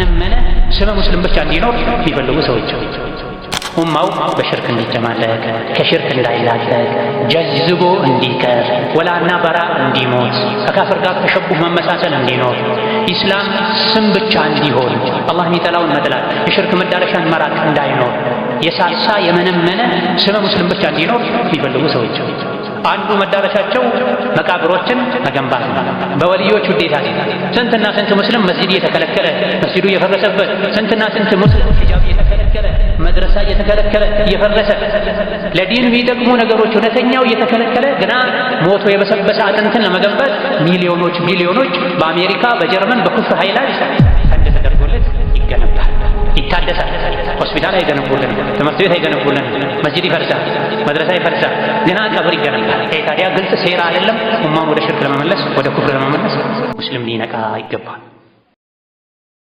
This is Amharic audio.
የተመነመነ ስለ ሙስሊም ብቻ እንዲኖር የሚፈልጉ ሰዎች ኡማው በሽርክ እንዲጨማለቅ ከሽርክ እንዳይላቀቅ ጀዝቦ እንዲቀር ወላና በራ እንዲሞት ከካፍር ጋር ተሸቡህ መመሳሰል እንዲኖር ኢስላም ስም ብቻ እንዲሆን አላህ የሚጠላውን መጥላት የሽርክ መዳረሻን መራቅ እንዳይኖር የሳሳ የመነመነ ስለ ሙስሊም ብቻ እንዲኖር የሚፈልጉ ሰዎች አንዱ መዳረሻቸው መቃብሮችን መገንባት ነው። በወልዮች ውዴታ ስንትና ስንት ሙስሊም መስጂድ እየተከለከለ መስጂዱ እየፈረሰበት፣ ስንትና ስንት ሙስሊም ሂጃብ እየተከለከለ መድረሳ እየተከለከለ እየፈረሰ ለዲን የሚጠቅሙ ነገሮች እውነተኛው እየተከለከለ ግና ሞቶ የበሰበሰ አጥንትን ለመገንባት ሚሊዮኖች ሚሊዮኖች በአሜሪካ በጀርመን በኩፍር ኃይላት ፈንድ ተደርጎለት ይገነባል፣ ይታደሳል። ሆስፒታል አይገነቡልን፣ ትምህርት ቤት አይገነቡልን፣ መስጂድ ይፈርሳል። መድረሳ ይፈልሳ ግና ቀብር ይገናኛል። ይሄ ታዲያ ግልጽ ሴራ አይደለም? ኡማን ወደ ሽርክ ለመመለስ ወደ ኩፍር ለመመለስ ሙስሊም ሊነቃ ይገባል።